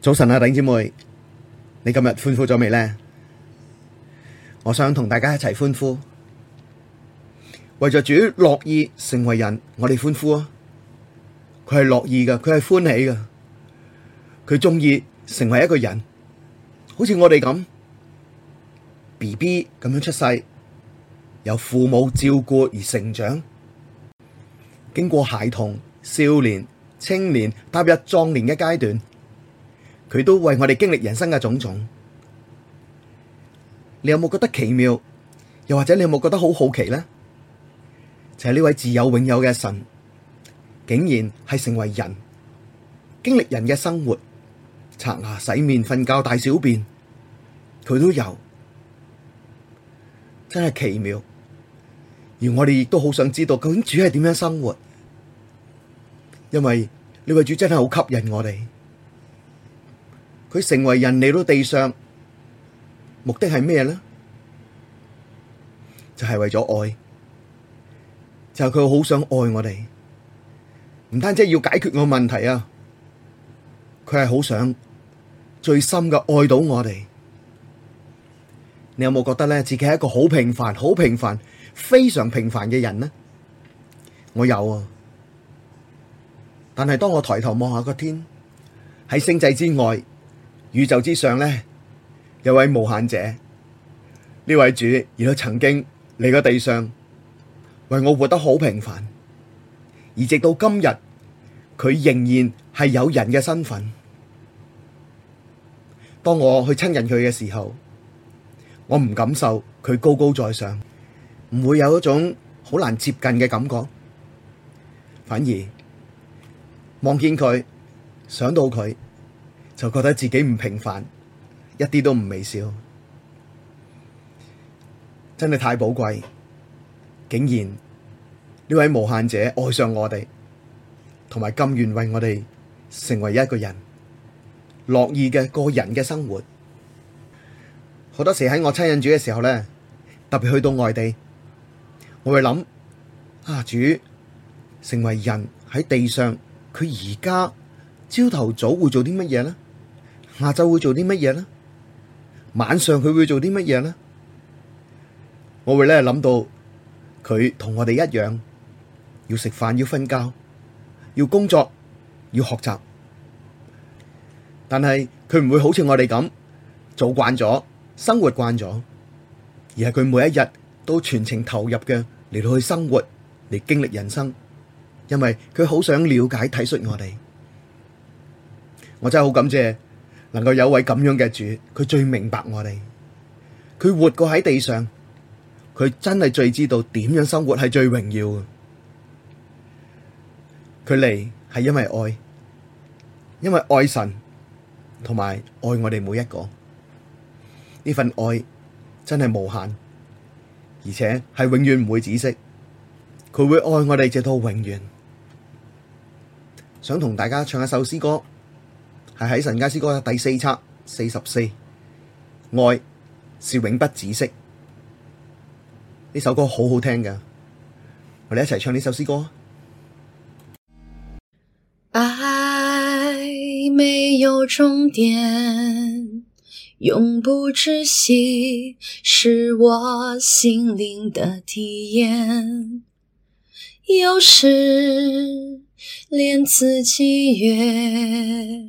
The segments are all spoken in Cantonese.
早晨啊，弟姐妹，你今日歡呼咗未呢？我想同大家一齊歡呼，為着主樂意成為人，我哋歡呼啊！佢係樂意嘅，佢係歡喜嘅，佢中意成為一個人，好似我哋咁 B B 咁樣出世，由父母照顧而成長，經過孩童、少年、青年，踏入壯年嘅階段。佢都為我哋經歷人生嘅種種，你有冇覺得奇妙？又或者你有冇覺得好好奇呢？就係呢位自有永有嘅神，竟然係成為人，經歷人嘅生活，刷牙、洗面、瞓覺、大小便，佢都有，真係奇妙。而我哋亦都好想知道，究竟主係點樣生活？因為呢位主真係好吸引我哋。佢成為人嚟到地上，目的係咩呢？就係為咗愛，就係佢好想愛我哋。唔單止要解決我問題啊，佢係好想最深嘅愛到我哋。你有冇覺得咧，自己係一個好平凡、好平凡、非常平凡嘅人呢？我有啊，但係當我抬頭望下個天，喺星際之外。宇宙之上呢，有位無限者，呢位主，亦都曾經嚟過地上，為我活得好平凡，而直到今日，佢仍然係有人嘅身份。當我去親近佢嘅時候，我唔感受佢高高在上，唔會有一種好難接近嘅感覺，反而望見佢，想到佢。就覺得自己唔平凡，一啲都唔渺小，真係太寶貴。竟然呢位無限者愛上我哋，同埋甘願為我哋成為一個人，樂意嘅個人嘅生活。好多時喺我親近主嘅時候咧，特別去到外地，我會諗，阿主成為人喺地上，佢而家朝頭早會做啲乜嘢呢？」下晝會做啲乜嘢呢？晚上佢會做啲乜嘢呢？我會咧諗到佢同我哋一樣，要食飯，要瞓覺，要工作，要學習。但係佢唔會好似我哋咁做慣咗，生活慣咗，而係佢每一日都全程投入嘅嚟,到去生活，嚟經歷人生。因為佢好想了解體恤我哋，我真係好感謝。能夠有位咁樣嘅主，佢最明白我哋，佢活過喺地上，佢真係最知道點樣生活係最榮耀嘅。佢嚟係因為愛，因為愛神，同埋愛我哋每一個。呢份愛真係無限，而且係永遠唔會止息。佢會愛我哋直到永遠。想同大家唱一首詩歌。係喺神家詩歌第四冊四十四，愛是永不止息。呢首歌好好聽㗎，我哋一齊唱呢首詩歌。愛沒有終點，永不止息，是我心靈的體驗。有時連自己也。」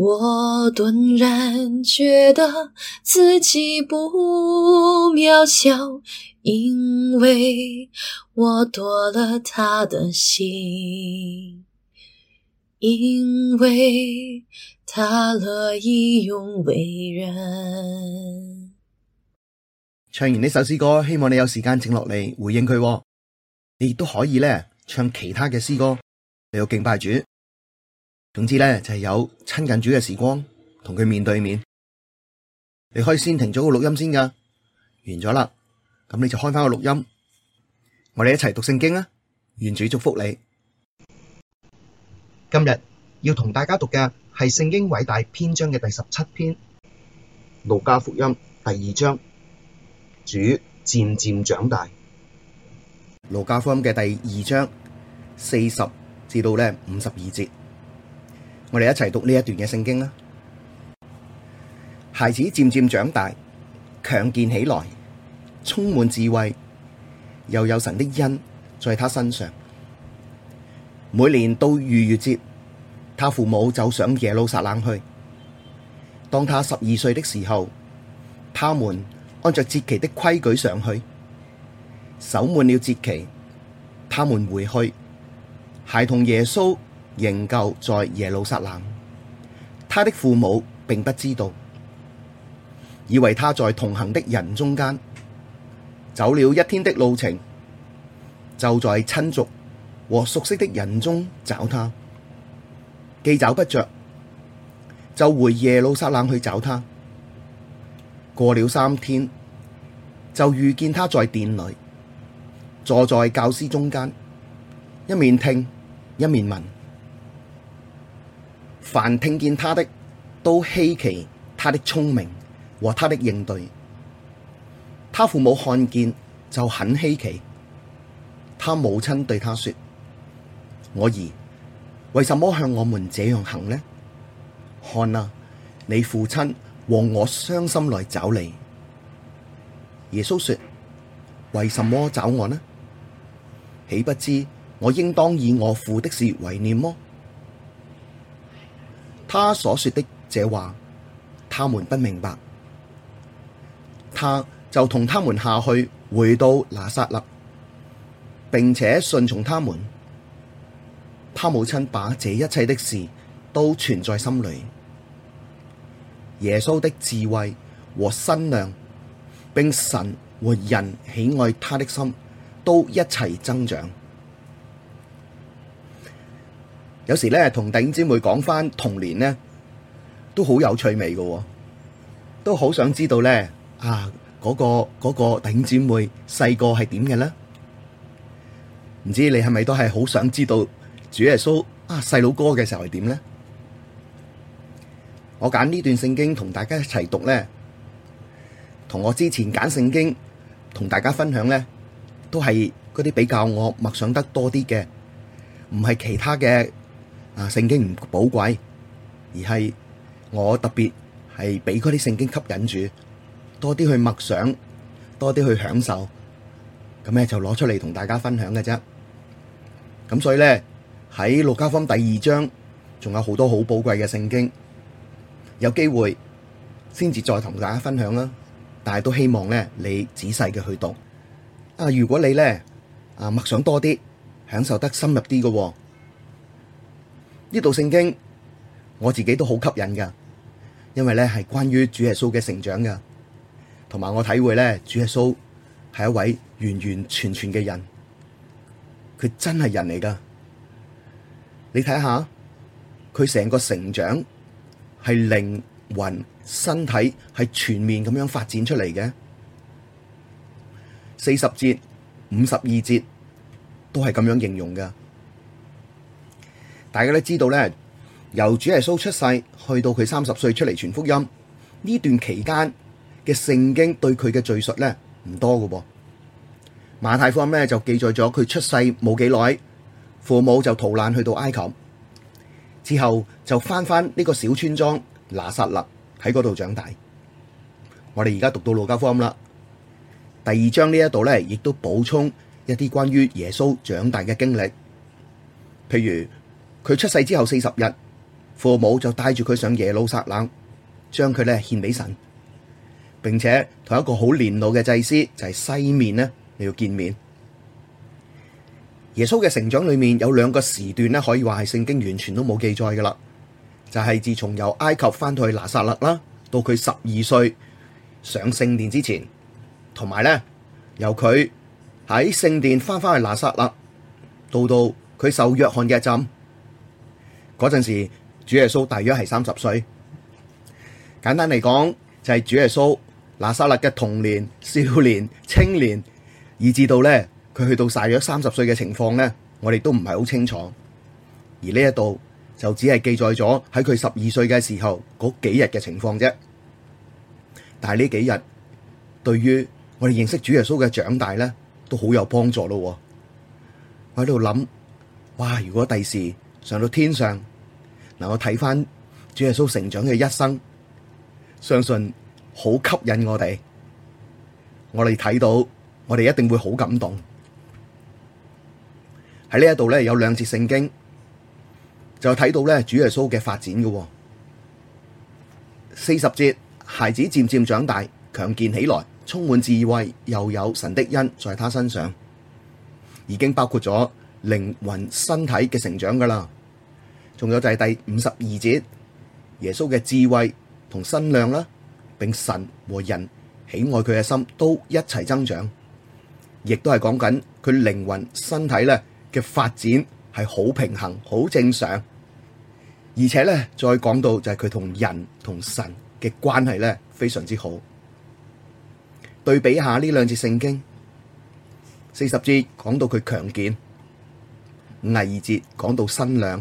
我頓然覺得自己不渺小，因為我奪了他的心，因為他樂意永為人。唱完呢首詩歌，希望你有時間靜落嚟回應佢喎。你亦都可以咧唱其他嘅詩歌，你要敬拜主。總之咧，就係、是、有親近主嘅時光，同佢面對面。你可以先停咗個錄音先噶，完咗啦，咁你就開翻個錄音。我哋一齊讀聖經啊！願主祝福你。今日要同大家讀嘅係聖經偉大篇章嘅第十七篇《路加福音》第二章，主漸漸長大。路加福音嘅第二章四十至到咧五十二節。我哋一齊讀呢一段嘅聖經啦。孩子漸漸長大，強健起來，充滿智慧，又有神的恩在他身上。每年到逾越節，他父母就上耶路撒冷去。當他十二歲的時候，他們按着節期的規矩上去，守滿了節期，他們回去，孩童耶穌。仍舊在耶路撒冷，他的父母並不知道，以為他在同行的人中間走了一天的路程，就在親族和熟識的人中找他，既找不着，就回耶路撒冷去找他。過了三天，就遇見他在殿裡，坐在教師中間，一面聽，一面問。凡聽見他的，都希奇他的聰明和他的應對。他父母看見就很希奇。他母親對他說：我兒，為什麼向我們這樣行呢？看哪，你父親和我傷心來找你。耶穌說：為什麼找我呢？豈不知我應當以我父的事為念嗎？他所說的這話，他們不明白。他就同他們下去，回到拿撒勒，並且順從他們。他母親把這一切的事都存在心裡。耶穌的智慧和身量，並神和人喜愛他的心，都一齊增長。有時呢，同弟兄姐妹講返童年呢，都好有趣味㗎喎，都好想知道呢，啊，嗰個，嗰個弟兄姐妹細個係點嘅呢？唔知，你係咪都係好想知道主耶穌，啊，細佬哥嘅時候係點呢？我揀呢段聖經同大家一齊讀呢，同我之前揀聖經同大家分享呢，都係嗰啲比較我默想得多啲嘅，唔係其他嘅啊！聖經唔寶貴，而係我特別係俾嗰啲聖經吸引住，多啲去默想，多啲去享受，咁咧就攞出嚟同大家分享嘅啫。咁所以咧喺《路加福音》第二章，仲有好多好寶貴嘅聖經，有機會先至再同大家分享啦。但係都希望咧你仔細嘅去讀。啊，如果你咧啊默想多啲，享受得深入啲嘅喎。呢度聖經我自己都好吸引噶，因為咧係關於主耶穌嘅成長噶，同埋我體會咧，主耶穌係一位完完全全嘅人，佢真係人嚟噶。你睇下，佢成個成長係靈魂、身體係全面咁樣發展出嚟嘅，四十節、五十二節都係咁樣形容噶。大家都知道咧，由主耶穌出世去到佢三十歲出嚟傳福音呢段期間嘅聖經對佢嘅敘述咧唔多嘅。馬太福音咧就記載咗佢出世冇幾耐，父母就逃難去到埃及，之後就翻翻呢個小村莊拿撒勒喺嗰度長大。我哋而家讀到路加福音啦，第二章呢一度咧亦都補充一啲關於耶穌長大嘅經歷，譬如，佢出世之後四十日，父母就帶住佢上耶路撒冷，將佢咧獻俾神，並且同一個好年老嘅祭司就係、是、西面呢，你要見面。耶穌嘅成長裏面有兩個時段咧，可以話係聖經完全都冇記載噶啦，就係、是、自從由埃及翻到去拿撒勒啦，到佢十二歲上聖殿之前，同埋咧由佢喺聖殿翻翻去拿撒勒，到到佢受約翰嘅浸。嗰陣時，主耶穌大約係三十歲。簡單嚟講，就係、是、主耶穌拿撒勒嘅童年、少年、青年，以至到咧佢去到大約三十歲嘅情況咧，我哋都唔係好清楚。而呢一度就只係記載咗喺佢十二歲嘅時候嗰幾日嘅情況啫。但係呢幾日，對於我哋認識主耶穌嘅長大咧，都好有幫助咯。我喺度諗，哇！如果第時上到天上，能我睇翻主耶穌成長嘅一生，相信好吸引我哋。我哋睇到，我哋一定會好感動。喺呢一度咧，有兩節聖經就睇到咧，主耶穌嘅發展嘅。四十節，孩子漸漸長大，強健起來，充滿智慧，又有神的恩在他身上，已經包括咗靈魂、身體嘅成長噶啦。仲有就係第五十二節，耶穌嘅智慧同身量啦，並神和人喜愛佢嘅心都一齊增長，亦都係講緊佢靈魂身體咧嘅發展係好平衡、好正常，而且咧再講到就係佢同人同神嘅關係咧非常之好。對比下呢兩節聖經，四十節講到佢強健，五十二節講到身量。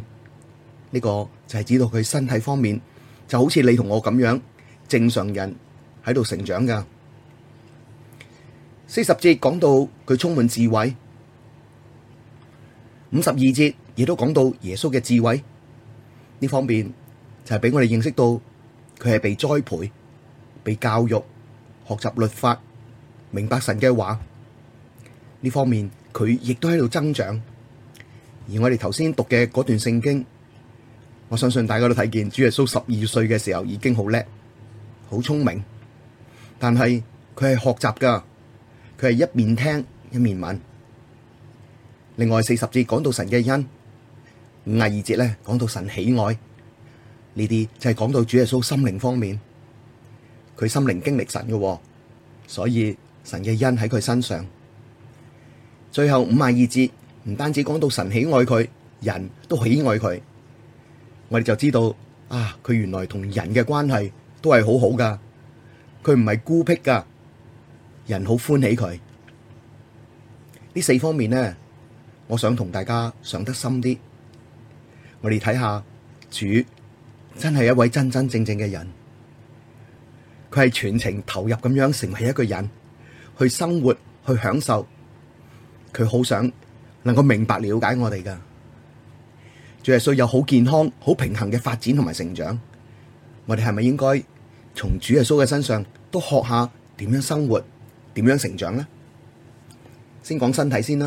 呢個就係指到佢身體方面，就好似你同我咁樣正常人喺度成長噶。四十節講到佢充滿智慧，五十二節亦都講到耶穌嘅智慧呢方面，就係俾我哋認識到佢係被栽培、被教育、學習律法、明白神嘅話呢方面，佢亦都喺度增長。而我哋頭先讀嘅嗰段聖經。我相信大家都睇見主耶穌十二歲嘅時候已經好叻，好聰明。但係佢係學習噶，佢係一面聽一面問。另外四十節講到神嘅恩，五十二節咧講到神喜愛。呢啲就係講到主耶穌心靈方面，佢心靈經歷神噶，所以神嘅恩喺佢身上。最後五十二節唔單止講到神喜愛佢，人都喜愛佢。我哋就知道啊，佢原來同人嘅關係都係好好噶，佢唔係孤僻噶，人好歡喜佢。呢四方面呢，我想同大家想得深啲。我哋睇下主真係一位真真正正嘅人，佢係全程投入咁樣成為一個人去生活、去享受，佢好想能夠明白了解我哋噶。主耶穌有好健康、好平衡嘅發展同埋成長，我哋係咪應該從主耶穌嘅身上都學下點樣生活、點樣成長呢？先講身體先啦。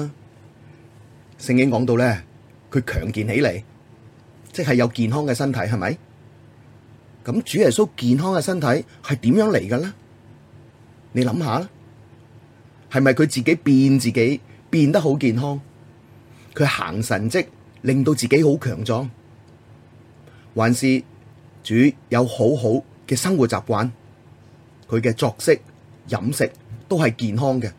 聖講。聖經講到咧，佢強健起嚟，即係有健康嘅身體，係咪？咁主耶穌健康嘅身體係點樣嚟嘅咧？你諗下啦，係咪佢自己變自己變得好健康？佢行神跡。令到自己好強壯，還是主有好好嘅生活習慣，佢嘅作息、飲食都係健康嘅，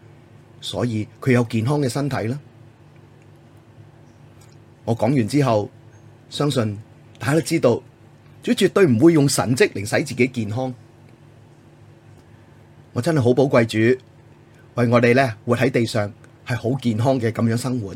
所以佢有健康嘅身體啦。我講完之後，相信大家都知道，主絕對唔會用神蹟嚟使自己健康。我真係好寶貴主，主為我哋咧活喺地上係好健康嘅咁樣生活。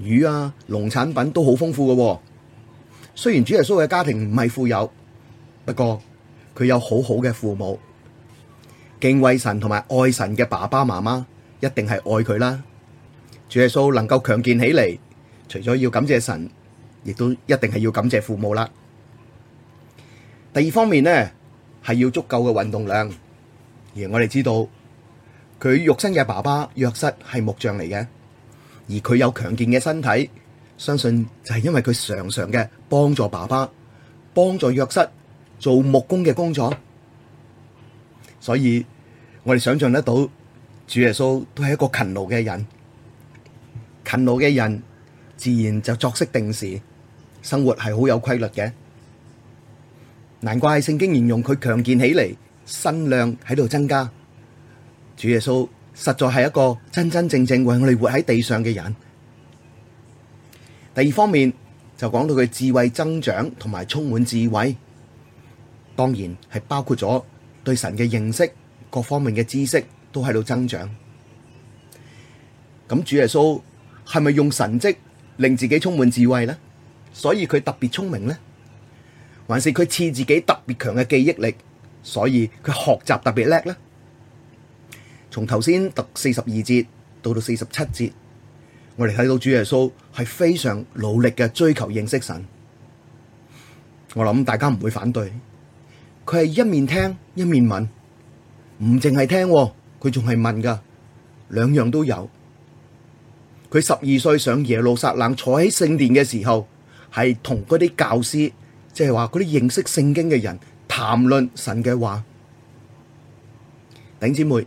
魚啊，農產品都好豐富嘅喎。雖然主耶穌嘅家庭唔係富有，不過佢有好好嘅父母，敬畏神同埋愛神嘅爸爸媽媽，一定係愛佢啦。主耶穌能夠強健起嚟，除咗要感謝神，亦都一定係要感謝父母啦。第二方面呢，係要足夠嘅運動量。而我哋知道，佢肉身嘅爸爸約瑟係木匠嚟嘅。而佢有強健嘅身體，相信就係因為佢常常嘅幫助爸爸，幫助約室約瑟，做木工嘅工作，所以我哋想象得到主耶穌都係一個勤勞嘅人，勤勞嘅人自然就作息定時，生活係好有規律嘅，難怪係聖經形容佢強健起嚟，身量喺度增加，主耶穌，實在係一個真真正正為我哋活喺地上嘅人。第二方面就講到佢智慧增長同埋充滿智慧，當然係包括咗對神嘅認識，各方面嘅知識都喺度增長。咁主耶穌係咪用神跡令自己充滿智慧呢？所以佢特別聰明呢？還是佢賜自己特別強嘅記憶力，所以佢學習特別叻呢？從頭先讀四十二節到到四十七節，我哋睇到主耶穌係非常努力嘅追求認識神。我諗大家唔會反對，佢係一面聽一面問，唔淨係聽，佢仲係問噶，兩樣都有。佢十二歲上耶路撒冷坐喺聖殿嘅時候，係同嗰啲教師，即係話嗰啲認識聖經嘅人談論神嘅話，弟兄姊妹。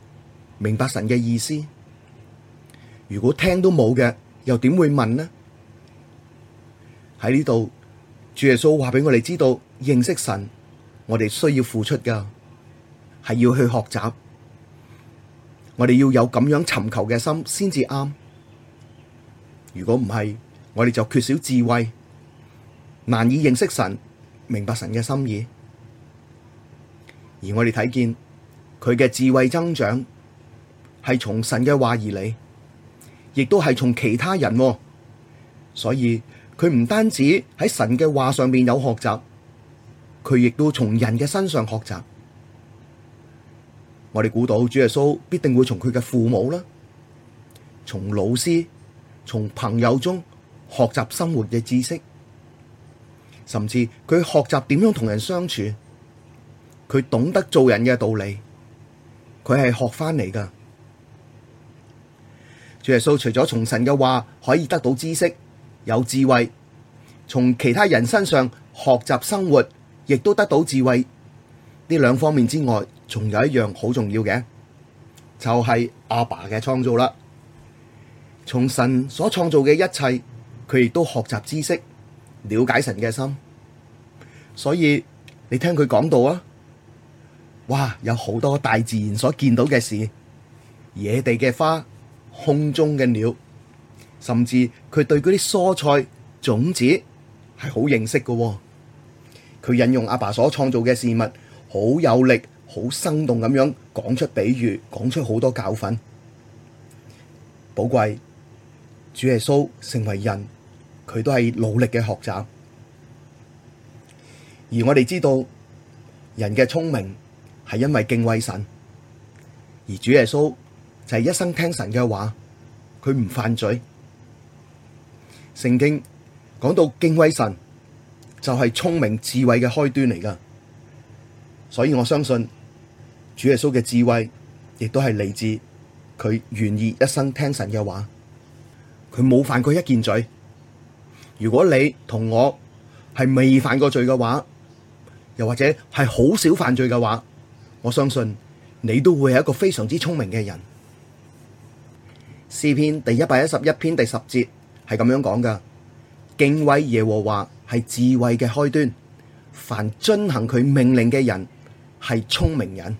明白神嘅意思，如果聽都冇嘅，又點會問呢？喺呢度，主耶穌話俾我哋知道，認識神，我哋需要付出㗎，係要去學習，我哋要有咁樣尋求嘅心先至啱。如果唔係，我哋就缺少智慧，難以認識神，明白神嘅心意。而我哋睇見佢嘅智慧增長。係從神嘅話而嚟，亦都係從其他人。所以佢唔單止喺神嘅話上面有學習，佢亦都從人嘅身上學習。我哋估到主耶穌必定會從佢嘅父母啦，從老師、從朋友中學習生活嘅知識，甚至佢學習點樣同人相處，佢懂得做人嘅道理，佢係學翻嚟噶。耶穌除咗從神嘅話可以得到知識、有智慧，從其他人身上學習生活，亦都得到智慧。呢兩方面之外，仲有一樣好重要嘅，就係阿爸嘅創造啦。從神所創造嘅一切，佢亦都學習知識，了解神嘅心。所以你聽佢講到啊，哇，有好多大自然所見到嘅事，野地嘅花。空中嘅鳥，甚至佢對嗰啲蔬菜種子係好認識嘅。哦，佢引用阿爸所創造嘅事物，好有力、好生動咁樣講出比喻，講出好多教訓。寶貴，主耶穌成為人，佢都係努力嘅學習。而我哋知道，人嘅聰明係因為敬畏神，而主耶穌。就係一生聽神嘅話，佢唔犯罪。聖經講到敬畏神，就係聰明智慧嘅開端嚟㗎。所以我相信主耶穌嘅智慧，亦都係嚟自佢願意一生聽神嘅話。佢冇犯過一件罪。如果你同我係未犯過罪嘅話，又或者係好少犯罪嘅話，我相信你都會係一個非常之聰明嘅人。詩篇第一百一十一篇第十節係咁樣講噶：敬畏耶和華係智慧嘅開端，凡遵行佢命令嘅人係聰明人。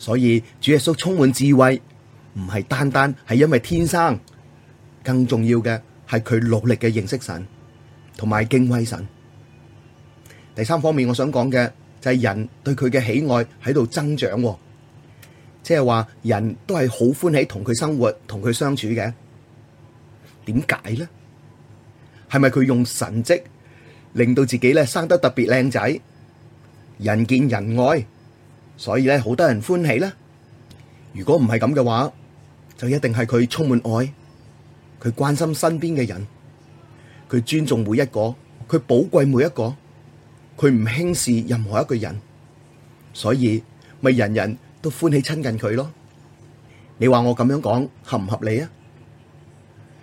所以主耶穌充滿智慧，唔係單單係因為天生，更重要嘅係佢努力嘅認識神同埋敬畏神。第三方面我想講嘅就係人對佢嘅喜愛喺度增長。即係話人都係好歡喜同佢生活同佢相處嘅，點解呢？係咪佢用神跡令到自己咧生得特別靚仔，人見人愛，所以咧好多人歡喜咧？如果唔係咁嘅話，就一定係佢充滿愛，佢關心身邊嘅人，佢尊重每一個，佢寶貴每一個，佢唔輕視任何一個人，所以咪人人。都歡喜親近佢咯。你話我咁樣講合唔合理啊？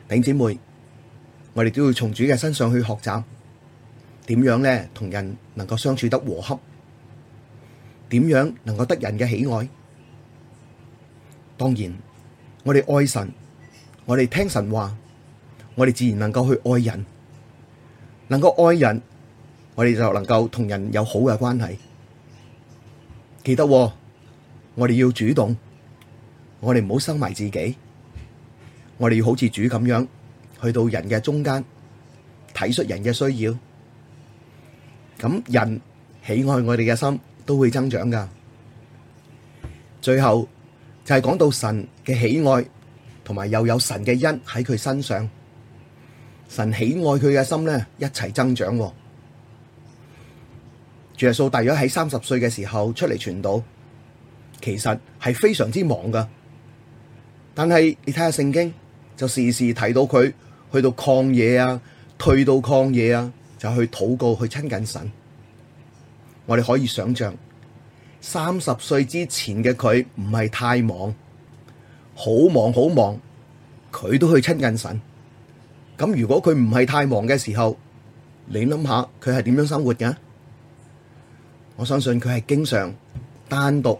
頂姐妹，我哋都要從主嘅身上去學習，點樣呢？同人能夠相處得和洽，點樣能夠得人嘅喜愛。當然，我哋愛神，我哋聽神話，我哋自然能夠去愛人，能夠愛人，我哋就能夠同人有好嘅關係。記得哦。我哋要主動，我哋唔好收埋自己。我哋要好似主咁樣，去到人嘅中間，體恤人嘅需要。咁人喜愛我哋嘅心都會增長噶。最後就係講到神嘅喜愛，同埋又有神嘅恩喺佢身上，神喜愛佢嘅心呢一齊增長。耶穌大約喺三十歲嘅時候出嚟傳道。其實係非常之忙噶，但係你睇下聖經就時時提到佢去到曠野啊，退到曠野啊就去禱告去親近神。我哋可以想象三十歲之前嘅佢唔係太忙，好忙好忙，佢都去親近神。咁如果佢唔係太忙嘅時候，你諗下佢係點樣生活嘅？我相信佢係經常單獨。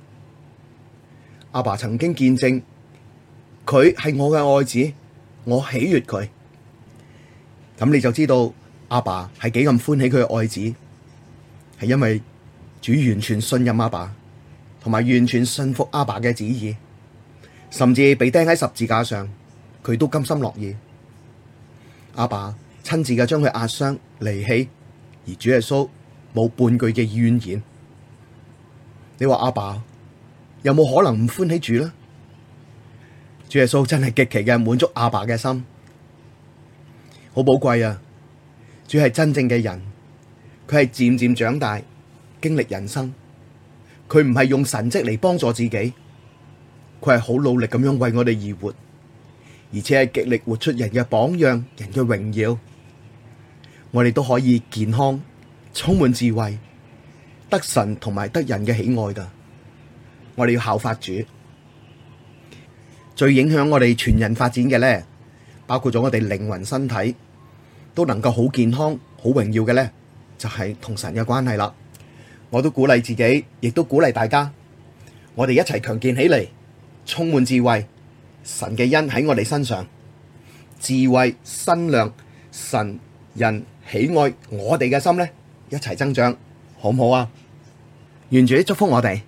阿爸曾經見證佢係我嘅愛子，我喜悅佢。咁你就知道阿爸係幾咁歡喜佢嘅愛子，係因為主完全信任阿爸，同埋完全信服阿爸嘅旨意，甚至被釘喺十字架上，佢都甘心樂意。阿爸親自嘅將佢壓傷離棄，而主耶穌冇半句嘅怨言。你話阿爸，有冇可能唔歡喜住呢？主耶穌真係極其嘅滿足阿爸嘅心，好寶貴啊！主係真正嘅人，佢係漸漸長大，經歷人生，佢唔係用神蹟嚟幫助自己，佢係好努力咁樣為我哋而活，而且係極力活出人嘅榜樣，人嘅榮耀。我哋都可以健康、充滿智慧、得神同埋得人嘅喜愛㗎。我哋要效法主，最影響我哋全人發展嘅咧，包括咗我哋靈魂、身體都能夠好健康、好榮耀嘅咧，就係同神嘅關係啦。我都鼓勵自己，亦都鼓勵大家，我哋一齊強健起嚟，充滿智慧。神嘅恩喺我哋身上，智慧、身量、神人喜愛我哋嘅心咧，一齊增長，好唔好啊？願主祝福我哋。